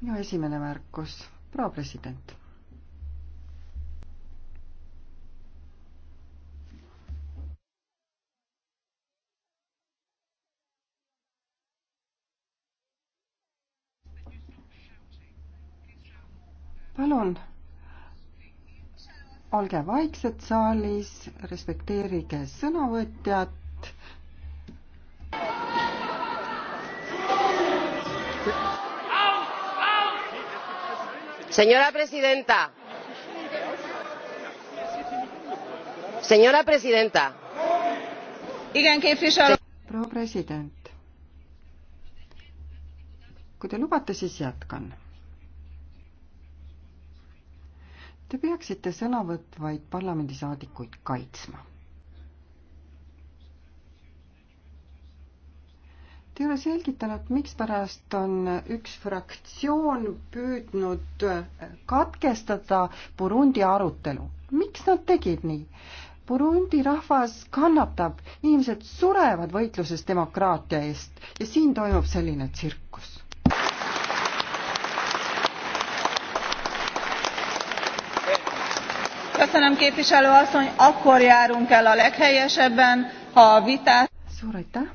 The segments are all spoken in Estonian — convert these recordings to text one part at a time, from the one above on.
minu esimene märkus, proua president. palun olge vaiksed saalis, respekteerige sõnavõtjat. señora presidenta señora presidenta proua president kui te lubate siis jätkan te peaksite sõnavõtvaid parlamendisaadikuid kaitsma Te ei ole selgitanud, mikspärast on üks fraktsioon püüdnud katkestada Burundi arutelu. miks nad tegid nii? Burundi rahvas kannatab, inimesed surevad võitluses demokraatia eest ja siin toimub selline tsirkus. suur aitäh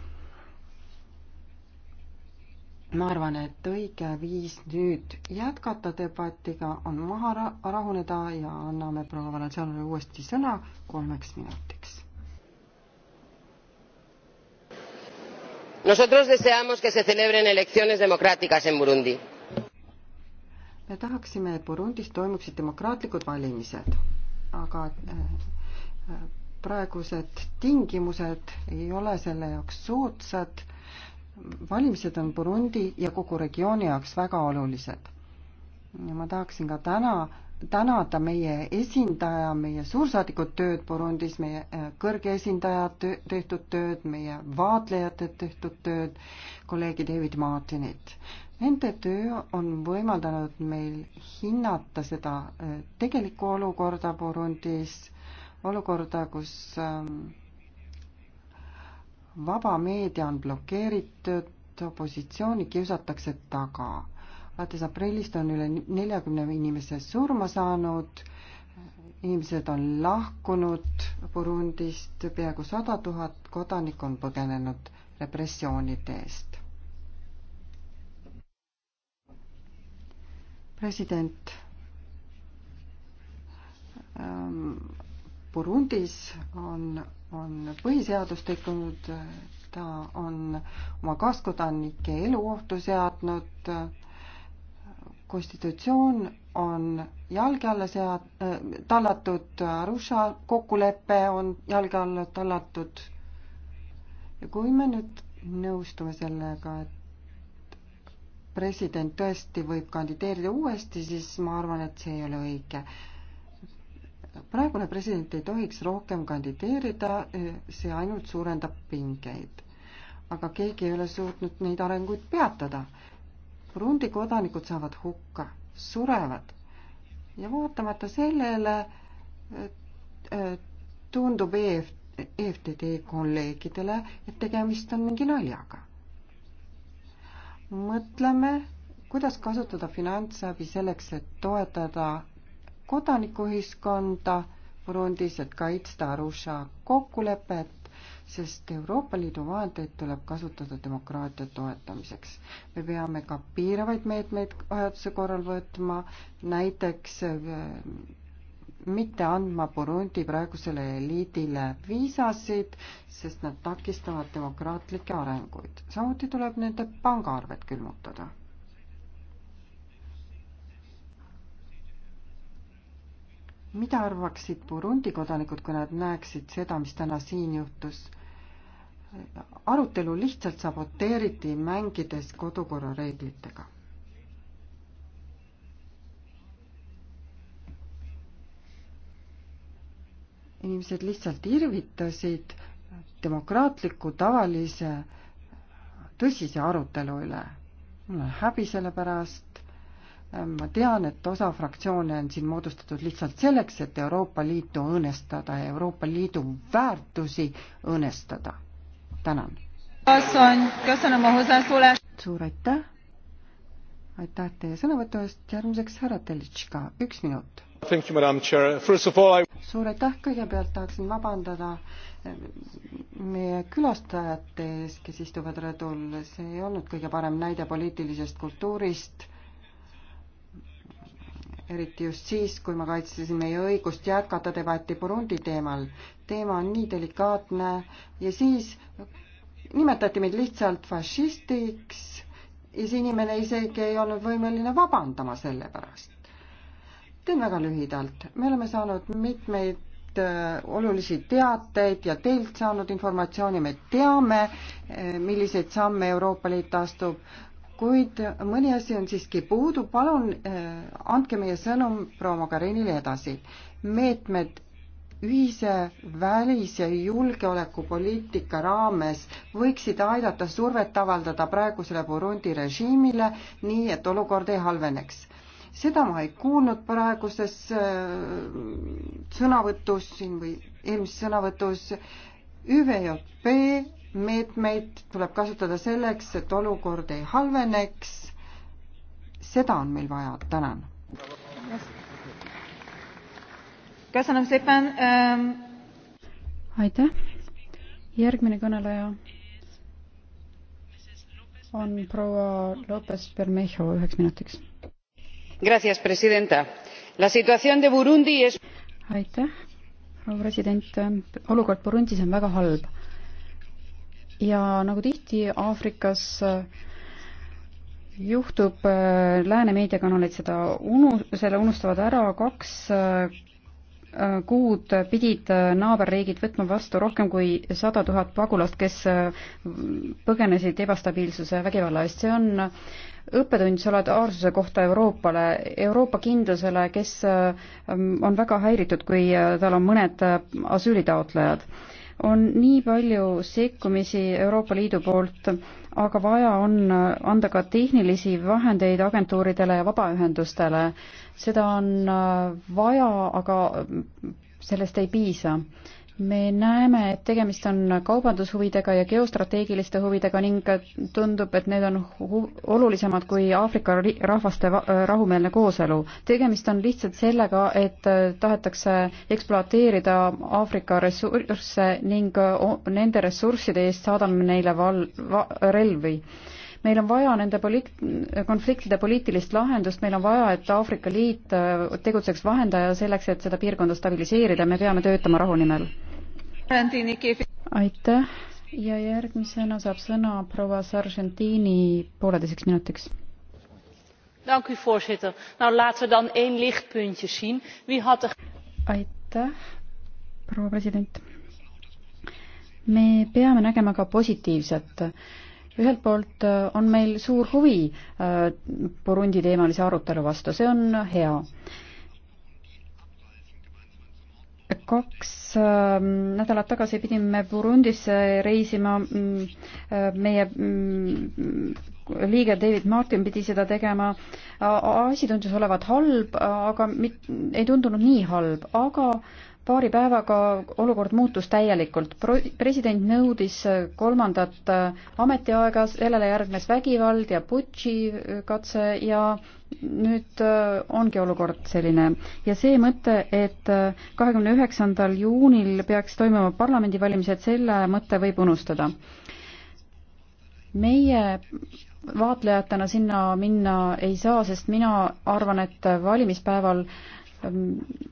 ma arvan, et õige viis nüüd jätkata debatiga on maha rahuneda ja anname proua Valentsianole uuesti sõna kolmeks minutiks. Nosotros deseamos que se celebren elecciones democráticas en Burundi. me tahaksime, et Burundis toimuksid demokraatlikud valimised, aga äh, äh, praegused tingimused ei ole selle jaoks soodsad valimised on Burundi ja kogu regiooni jaoks väga olulised. ja ma tahaksin ka täna tänada meie esindaja, meie suursaadikud tööd Burundis, meie äh, kõrge esindaja tehtud tööd, meie vaatlejate tehtud tööd, kolleegi David Martinit. Nende töö on võimaldanud meil hinnata seda äh, tegelikku olukorda Burundis, olukorda, kus ähm, vaba meedia on blokeeritud, opositsiooni kiusatakse taga. alates aprillist on üle neljakümne inimese surma saanud, inimesed on lahkunud Burundist, peaaegu sada tuhat kodanikku on põgenenud repressioonide eest. president ähm, Burundis on, on põhiseadus tekkinud, ta on oma kaaskodanike elu ohtu seadnud, konstitutsioon on jalge alla sead- äh,, tallatud, Arusha kokkulepe on jalge alla tallatud. ja kui me nüüd nõustume sellega, et president tõesti võib kandideerida uuesti, siis ma arvan, et see ei ole õige praegune president ei tohiks rohkem kandideerida, see ainult suurendab pingeid. aga keegi ei ole suutnud neid arenguid peatada. Burundi kodanikud saavad hukka, surevad ja vaatamata sellele tundub EF-, EFTD kolleegidele, et tegemist on mingi naljaga. mõtleme, kuidas kasutada finantsabi selleks, et toetada kodanikuühiskonda Burundis, et kaitsta Arusha kokkulepet, sest Euroopa Liidu vahendeid tuleb kasutada demokraatia toetamiseks. me peame ka piiravaid meetmeid vajaduse korral võtma, näiteks eh, mitte andma Burundi praegusele eliidile viisasid, sest nad takistavad demokraatlikke arenguid. samuti tuleb nende pangaarved külmutada mida arvaksid Burundi kodanikud, kui nad näeksid seda, mis täna siin juhtus? arutelu lihtsalt saboteeriti, mängides kodukorra reeglitega. inimesed lihtsalt irvitasid demokraatliku tavalise tõsise arutelu üle. mul on häbi selle pärast, ma tean, et osa fraktsioone on siin moodustatud lihtsalt selleks, et Euroopa Liitu õõnestada ja Euroopa Liidu väärtusi õõnestada. tänan. suur aitäh. aitäh teie sõnavõtu eest, järgmiseks härra Telitška, üks minut. suur aitäh, kõigepealt tahaksin vabandada eh, meie külastajate ees, kes istuvad rõdul, see ei olnud kõige parem näide poliitilisest kultuurist eriti just siis, kui me kaitsesin meie õigust jätkata debatti Burundi teemal. teema on nii delikaatne ja siis nimetati meid lihtsalt fašistiks ja see inimene isegi ei olnud võimeline vabandama selle pärast. teen väga lühidalt, me oleme saanud mitmeid äh, olulisi teateid ja teilt saanud informatsiooni, me teame, äh, milliseid samme Euroopa Liit astub kuid mõni asi on siiski puudu, palun eh, andke meie sõnum proua Magarinile edasi. meetmed ühise välis- ja julgeolekupoliitika raames võiksid aidata survet avaldada praegusele Burundi režiimile, nii et olukord ei halveneks. seda ma ei kuulnud praeguses eh, sõnavõtus siin või eelmises sõnavõtus. ÜVJP meetmeid tuleb kasutada selleks, et olukord ei halveneks. seda on meil vaja, tänan. aitäh, järgmine kõneleja on proua Lopez Bermejo üheks minutiks. Gracias, presidenta. La situación de Burundi es aitäh, proua president, olukord Burundis on väga halb ja nagu tihti Aafrikas äh, juhtub, äh, lääne meediakanalid seda unu-, selle unustavad ära, kaks äh, kuud pidid naaberriigid võtma vastu rohkem kui sada tuhat pagulast, kes põgenesid ebastabiilsuse ja vägivalla eest. see on õppetund solidaarsuse kohta Euroopale, Euroopa kindlusele, kes on väga häiritud, kui tal on mõned asüülitaotlejad on nii palju sekkumisi Euroopa Liidu poolt, aga vaja on anda ka tehnilisi vahendeid agentuuridele ja vabaühendustele. seda on äh, vaja, aga sellest ei piisa me näeme, et tegemist on kaubandushuvidega ja geostrateegiliste huvidega ning tundub, et need on olulisemad kui Aafrika rahvaste rahumeelne kooselu. tegemist on lihtsalt sellega, et tahetakse ekspluateerida Aafrika ressursse ning nende ressursside eest saadame neile val-, va relvi meil on vaja nende poliit-, konfliktide poliitilist lahendust, meil on vaja, et Aafrika Liit äh, tegutseks vahendaja selleks, et seda piirkonda stabiliseerida, me peame töötama rahu nimel. aitäh ja järgmisena saab sõna proua Sargentini pooleteiseks minutiks voorzitter nou laten we dan één lichtpuntje zien wie had er. aitäh proua president me peame nägema ka positiivset ühelt poolt äh, on meil suur huvi äh, Burundi teemalise arutelu vastu, see on hea. kaks ähm, nädalat tagasi pidime Burundisse reisima, mm, äh, meie mm, liige David Martin pidi seda tegema, asi tundus olevat halb, aga mit-, ei tundunud nii halb, aga paari päevaga olukord muutus täielikult. president nõudis kolmandat äh, ametiaega, sellele järgnes vägivald ja putši äh, katse ja nüüd äh, ongi olukord selline. ja see mõte, et kahekümne üheksandal juunil peaks toimuma parlamendivalimised, selle mõtte võib unustada. meie vaatlejatena sinna minna ei saa, sest mina arvan, et valimispäeval äh,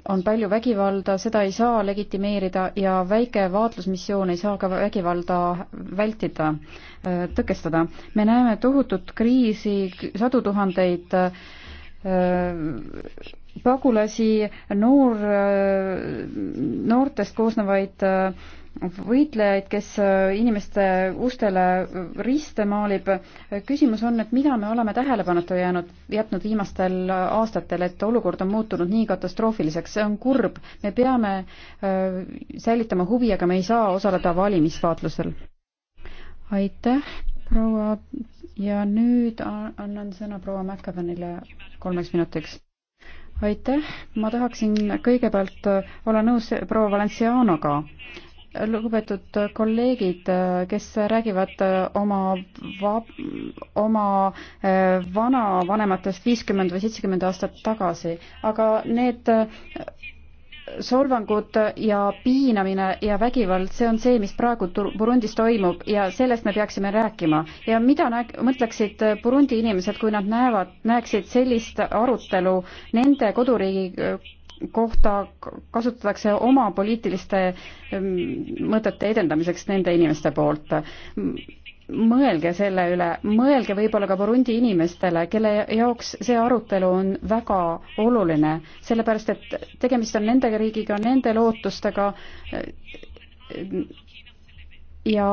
on palju vägivalda, seda ei saa legitimeerida ja väike vaatlusmissioon ei saa ka vägivalda vältida, äh, tõkestada. me näeme tohutut kriisi, sadu tuhandeid äh, pagulasi, noor, äh, noortest koosnevaid võitlejaid, kes äh, inimeste ustele riste maalib. küsimus on, et mida me oleme tähelepanuta jäänud, jätnud viimastel aastatel, et olukord on muutunud nii katastroofiliseks, see on kurb. me peame äh, säilitama huvi, aga me ei saa osaleda valimisvaatlusel. aitäh, proua ja nüüd annan sõna proua Mäkkapanile kolmeks minutiks aitäh, ma tahaksin kõigepealt äh, olla nõus proua Valencianoga lugupeetud kolleegid, kes räägivad oma va-, oma äh, vanavanematest viiskümmend või seitsekümmend aastat tagasi, aga need äh, solvangud ja piinamine ja vägivald, see on see, mis praegu Burundis toimub ja sellest me peaksime rääkima. ja mida näg-, mõtleksid Burundi inimesed, kui nad näevad, näeksid sellist arutelu nende koduriigi kohta kasutatakse oma poliitiliste mm, mõtete edendamiseks nende inimeste poolt. mõelge selle üle, mõelge võib-olla ka Burundi inimestele, kelle jaoks see arutelu on väga oluline, sellepärast et tegemist on nende riigiga, nende lootustega ja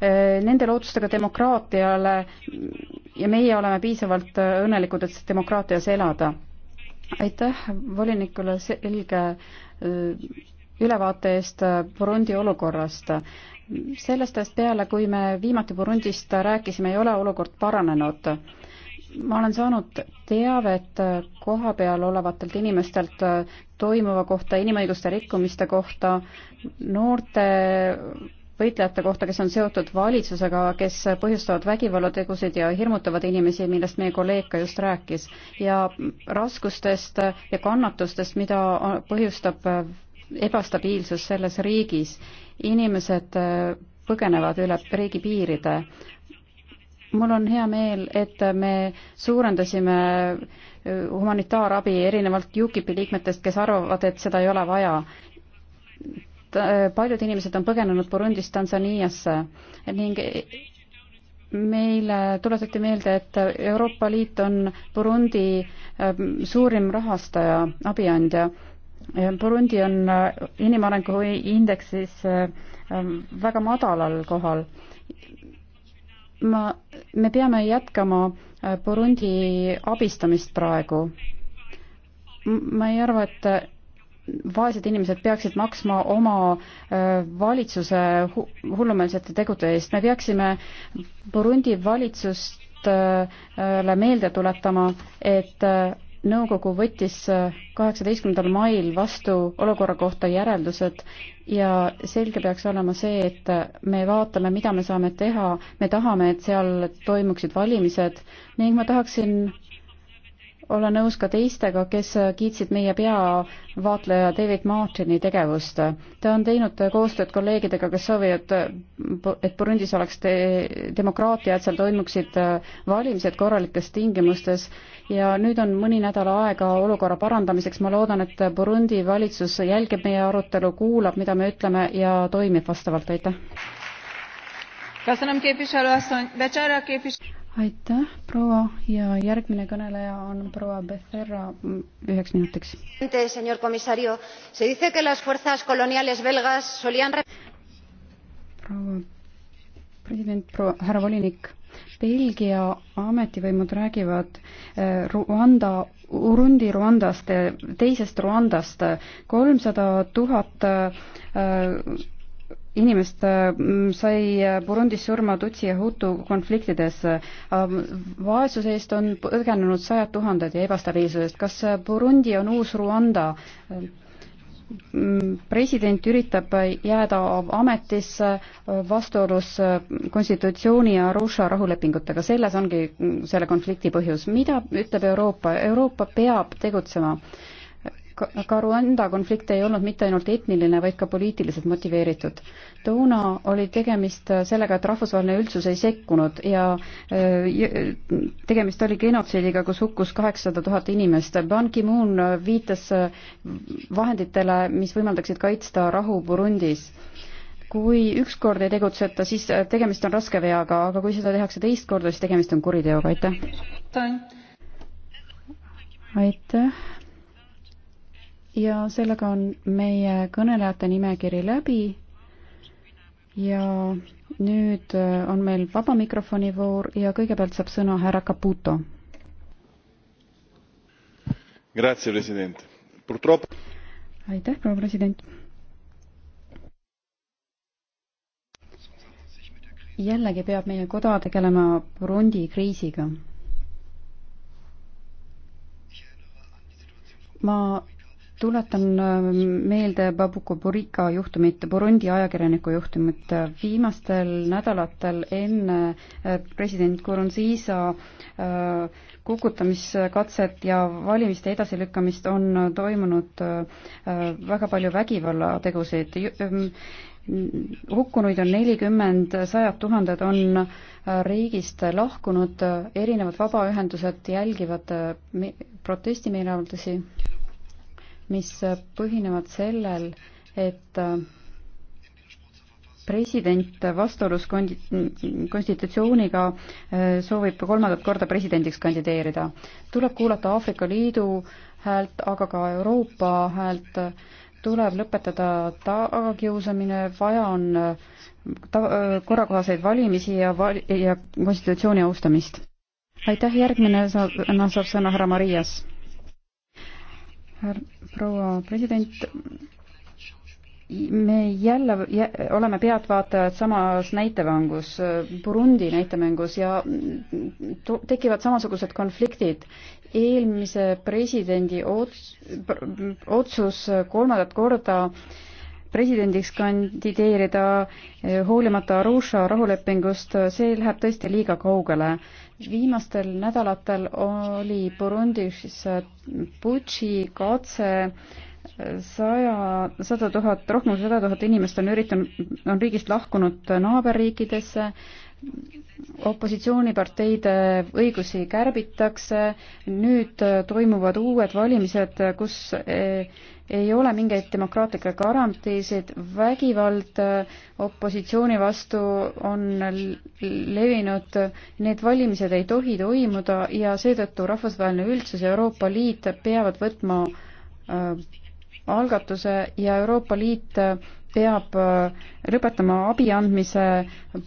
e, nende lootustega demokraatiale ja meie oleme piisavalt õnnelikud, et demokraatias elada aitäh volinikule selge äh, ülevaate eest äh, Burundi olukorrast. sellest ajast peale, kui me viimati Burundist rääkisime, ei ole olukord paranenud. ma olen saanud teavet äh, kohapeal olevatelt inimestelt toimuva kohta, inimõiguste rikkumiste kohta, noorte võitlejate kohta, kes on seotud valitsusega, kes põhjustavad vägivallategusid ja hirmutavad inimesi, millest meie kolleeg ka just rääkis, ja raskustest ja kannatustest, mida põhjustab ebastabiilsus selles riigis. inimesed äh, põgenevad üle riigi piiride. mul on hea meel, et me suurendasime äh, humanitaarabi erinevalt UKIP-i liikmetest, kes arvavad, et seda ei ole vaja Äh, paljud inimesed on põgenenud Burundist Tanzaniasse ning meile tuletati meelde, et Euroopa Liit on Burundi ähm, suurim rahastaja, abiandja. Burundi on äh, inimarengu indeksis äh, ähm, väga madalal kohal. ma, me peame jätkama Burundi abistamist praegu. ma ei arva, et vaesed inimesed peaksid maksma oma valitsuse hullumeelsete tegude eest. me peaksime Burundi valitsustele meelde tuletama, et nõukogu võttis kaheksateistkümnendal mail vastu olukorra kohta järeldused ja selge peaks olema see, et me vaatame, mida me saame teha, me tahame, et seal toimuksid valimised ning ma tahaksin olla nõus ka teistega, kes kiitsid meie peavaatleja David Martini tegevust. ta on teinud koostööd kolleegidega, kes soovivad, et Burundis oleks te demokraatia, et seal toimuksid valimised korralikes tingimustes ja nüüd on mõni nädal aega olukorra parandamiseks. ma loodan, et Burundi valitsus jälgib meie arutelu, kuulab, mida me ütleme ja toimib vastavalt, aitäh! aitäh, proua ja järgmine kõneleja on proua Becerra mm, üheks minutiks. proua president, proua härra volinik Belgia ametivõimud räägivad äh, Rwanda, Urundi Rwandast, teisest Rwandast, kolmsada tuhat äh, inimest mm, sai Burundis surma Tutsi ja Hutu konfliktides. Ähm, vaesuse eest on põgenenud sajad tuhanded ja ebastabiilsusest. kas Burundi on uus Rwanda? Mm, president üritab jääda ametisse vastuolus konstitutsiooni ja Arusha rahulepingutega, selles ongi selle konflikti põhjus. mida ütleb Euroopa? Euroopa peab tegutsema Rwanda konflikt ei olnud mitte ainult etniline, vaid ka poliitiliselt motiveeritud. toona oli tegemist sellega, et rahvusvaheline üldsus ei sekkunud ja äh, tegemist oli genotsiidiga, kus hukkus kaheksasada tuhat inimest. Ban Ki-moon viitas vahenditele, mis võimaldaksid kaitsta rahu Burundis kui üks kord ei tegutseta, siis tegemist on raske veaga, aga kui seda tehakse teist korda, siis tegemist on kuriteoga, aitäh. aitäh ja sellega on meie kõnelejate nimekiri läbi. ja nüüd äh, on meil vaba mikrofoni voor ja kõigepealt saab sõna härra Caputo. aitäh, proua president. jällegi peab meie koda tegelema Burundi kriisiga. ma tuletan äh, meelde Babuko Burika juhtumit, Burundi ajakirjaniku juhtumit. viimastel nädalatel enne äh, president Kurunziisa äh, kukutamiskatset ja valimiste edasilükkamist on toimunud väga palju vägivallategusid. Ähm, hukkunuid on nelikümmend, sajad tuhanded on riigist lahkunud, erinevad vabaühendused jälgivad protestimeeleavaldusi mis põhinevad sellel, et president vastuolus konstitutsiooniga äh, soovib kolmandat korda presidendiks kandideerida. tuleb kuulata Aafrika Liidu häält, aga ka Euroopa häält, tuleb lõpetada tagakiusamine, vaja on äh, ta-, äh, korrakohaseid valimisi ja val-, ja konstitutsiooni austamist. aitäh, järgmine saab, saab sõna härra Marias härra proua president, me jälle jä, oleme pealtvaatajad samas näitevangus, Burundi näitemängus ja to, tekivad samasugused konfliktid. eelmise presidendi ots, otsus kolmandat korda presidendiks kandideerida eh, hoolimata Arusha rahulepingust, see läheb tõesti liiga kaugele viimastel nädalatel oli Burundis äh, Butši katse äh, saja, sada tuhat, rohkem kui sada tuhat inimest on üritanud, on riigist lahkunud naaberriikidesse, opositsiooniparteide õigusi kärbitakse, nüüd äh, toimuvad uued valimised, kus ei ole mingeid demokraatlikke garantiisid, vägivald äh, opositsiooni vastu on levinud, need valimised ei tohi toimuda ja seetõttu rahvusvaheline üldsus ja Euroopa Liit peavad võtma äh, algatuse ja Euroopa Liit peab äh, lõpetama abi andmise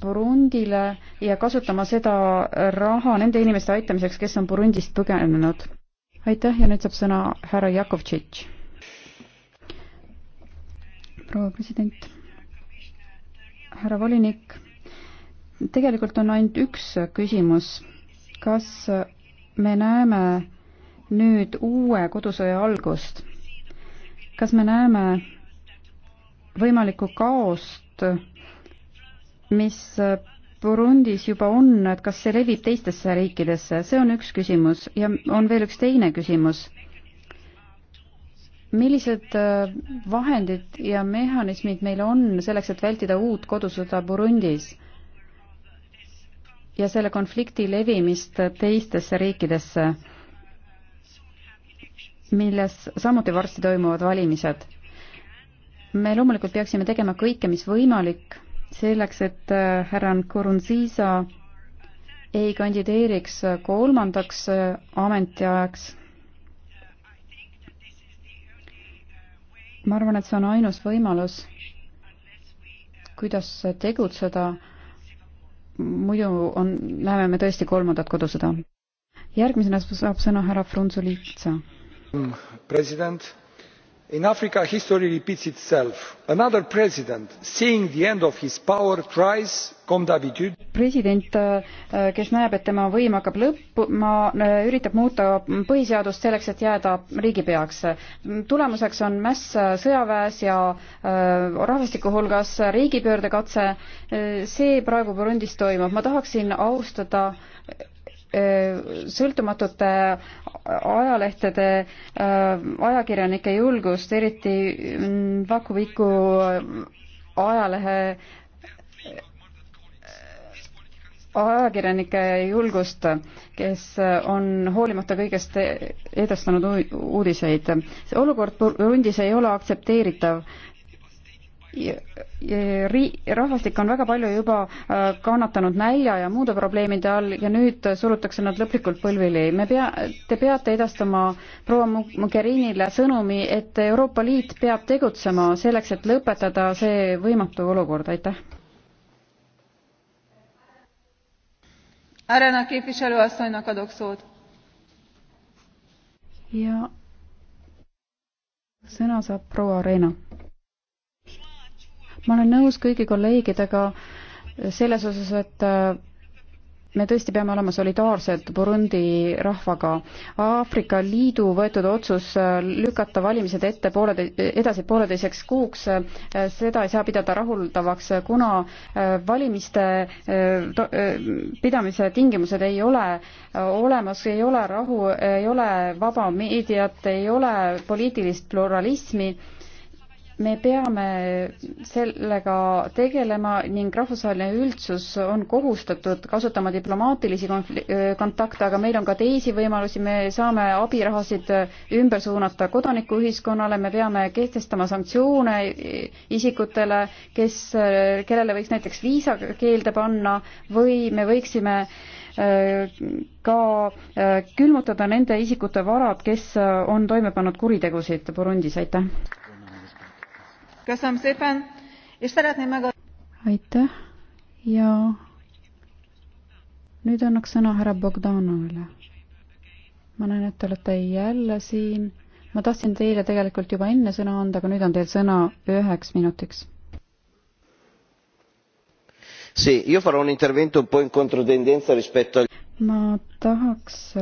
Burundile ja kasutama seda raha nende inimeste aitamiseks, kes on Burundist põgenenud. aitäh ja nüüd saab sõna härra Jakovtšitš proua president, härra volinik. tegelikult on ainult üks küsimus. kas me näeme nüüd uue kodusõja algust? kas me näeme võimalikku kaost, mis Burundis juba on, et kas see levib teistesse riikidesse, see on üks küsimus ja on veel üks teine küsimus millised äh, vahendid ja mehhanismid meil on selleks, et vältida uut kodusõda Burundis ja selle konflikti levimist teistesse riikidesse, milles samuti varsti toimuvad valimised? me loomulikult peaksime tegema kõike, mis võimalik, selleks, et äh, härra Nkurunziisa ei kandideeriks kolmandaks äh, ametiajaks ma arvan, et see on ainus võimalus, kuidas tegutseda. muidu on, näeme me tõesti kolmandat kodusõda. järgmisena saab sõna härra Frunzulitsa. president in africa history repeats itself another president seeing the end of his power tries president äh, kes näeb et tema võim hakkab lõppema äh, üritab muuta põhiseadust selleks et jääda riigipeaks tulemuseks on mäss äh, sõjaväes ja rahvastiku hulgas riigipöördekatse see praegu burundis toimub ma tahaksin austada Äh, sõltumatute ajalehtede äh, ajakirjanike julgust, eriti mm, Vakuviku äh, ajalehe ajakirjanike julgust, kes on hoolimata kõigest e-, edastanud uudiseid. olukord Burundis ei ole aktsepteeritav ri-, rahvastik on väga palju juba äh, kannatanud nälja ja muude probleemide all ja nüüd surutakse nad lõplikult põlvili. me pea, te peate edastama proua Mogherinile sõnumi, et Euroopa Liit peab tegutsema selleks, et lõpetada see võimatu olukord, aitäh. Arena képviselőasszonynak adok szót. Ja sõna saab proua Reena ma olen nõus kõigi kolleegidega selles osas, et äh, me tõesti peame olema solidaarsed Burundi rahvaga. Aafrika Liidu võetud otsus äh, lükata valimised ette poole, edasi pooleteiseks kuuks, äh, seda ei saa pidada rahuldavaks, kuna valimiste pidamise tingimused ei ole olemas, ei ole rahu, ei ole vaba meediat, ei ole poliitilist pluralismi me peame sellega tegelema ning rahvusvaheline üldsus on kohustatud kasutama diplomaatilisi kontakte, aga meil on ka teisi võimalusi, me saame abirahasid ümber suunata kodanikuühiskonnale, me peame kehtestama sanktsioone isikutele, kes, kellele võiks näiteks viisa keelde panna või me võiksime ka külmutada nende isikute varad, kes on toime pannud kuritegusid Burundis, aitäh! aitäh ja nüüd annaks sõna härra Bogdanovile. ma näen, et te olete jälle siin. ma tahtsin teile tegelikult juba enne sõna anda, aga nüüd on teil sõna üheks minutiks. ma tahaks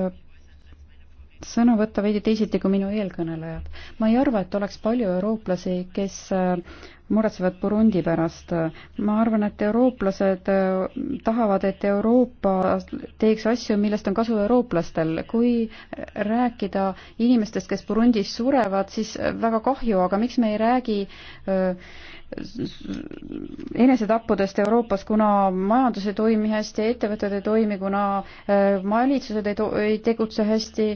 sõna võtta veidi teisiti kui minu eelkõnelejad. ma ei arva, et oleks palju eurooplasi, kes äh, muretsevad Burundi pärast. ma arvan, et eurooplased äh, tahavad, et Euroopa teeks asju, millest on kasu eurooplastel. kui rääkida inimestest, kes Burundis surevad, siis äh, väga kahju, aga miks me ei räägi enesetappudest Euroopas, kuna majandus ei toimi hästi, ettevõtted ei toimi, kuna valitsused ei, ei tegutse hästi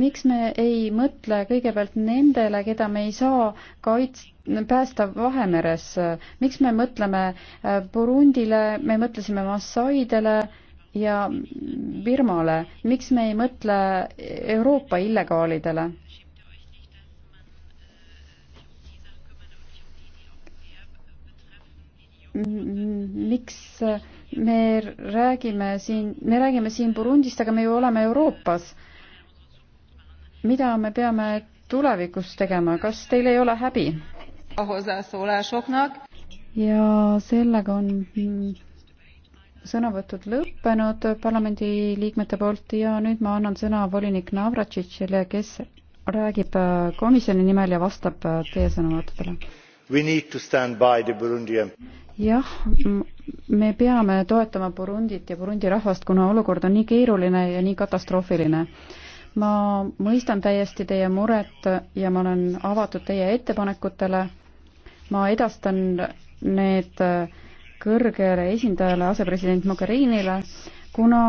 miks me ei mõtle kõigepealt nendele, keda me ei saa kaits-, päästa Vahemeres, miks me mõtleme äh, Burundile, me mõtlesime Massaidele ja Birmale, miks me ei mõtle Euroopa illegaalidele? miks me räägime siin, me räägime siin Burundist, aga me ju oleme Euroopas mida me peame tulevikus tegema, kas teil ei ole häbi? ja sellega on mm, sõnavõtud lõppenud parlamendiliikmete poolt ja nüüd ma annan sõna volinik Navratšitšile, kes räägib äh, komisjoni nimel ja vastab äh, teie sõnavõttudele. jah, me peame toetama Burundit ja Burundi rahvast, kuna olukord on nii keeruline ja nii katastroofiline ma mõistan täiesti teie muret ja ma olen avatud teie ettepanekutele. ma edastan need kõrgele esindajale, asepresident Mogherinile, kuna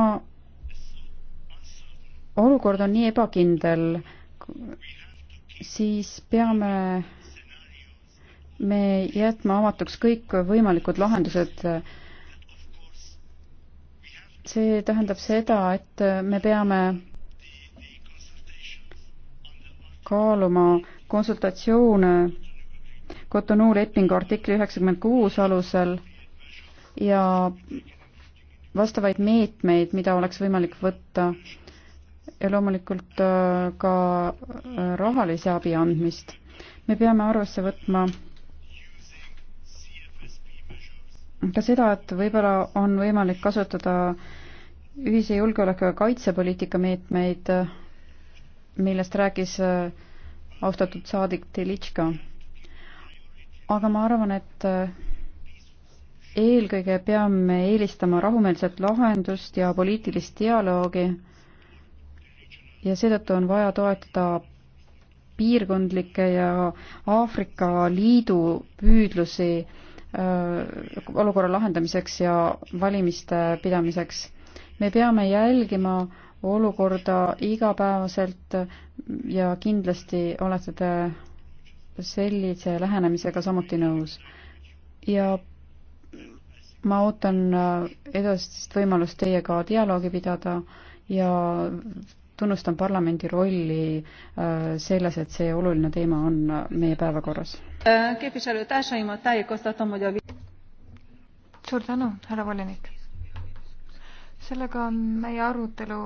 olukord on nii ebakindel, siis peame me jätma avatuks kõik võimalikud lahendused. see tähendab seda, et me peame kaaluma konsultatsioone Cotonou lepingu artikli üheksakümmend kuus alusel ja vastavaid meetmeid, mida oleks võimalik võtta ja loomulikult äh, ka äh, rahalise abi andmist. me peame arvesse võtma ka seda, et võib-olla on võimalik kasutada ühise julgeoleku ja kaitsepoliitika meetmeid äh, millest rääkis äh, austatud saadik Telitška. aga ma arvan, et äh, eelkõige peame eelistama rahumeelset lahendust ja poliitilist dialoogi ja seetõttu on vaja toetada piirkondlikke ja Aafrika Liidu püüdlusi äh, olukorra lahendamiseks ja valimiste pidamiseks. me peame jälgima äh, olukorda igapäevaselt ja kindlasti olete te sellise lähenemisega samuti nõus. ja ma ootan edasist võimalust teiega dialoogi pidada ja tunnustan parlamendi rolli äh, selles, et see oluline teema on meie päevakorras. suur tänu, härra volinik. sellega on meie arutelu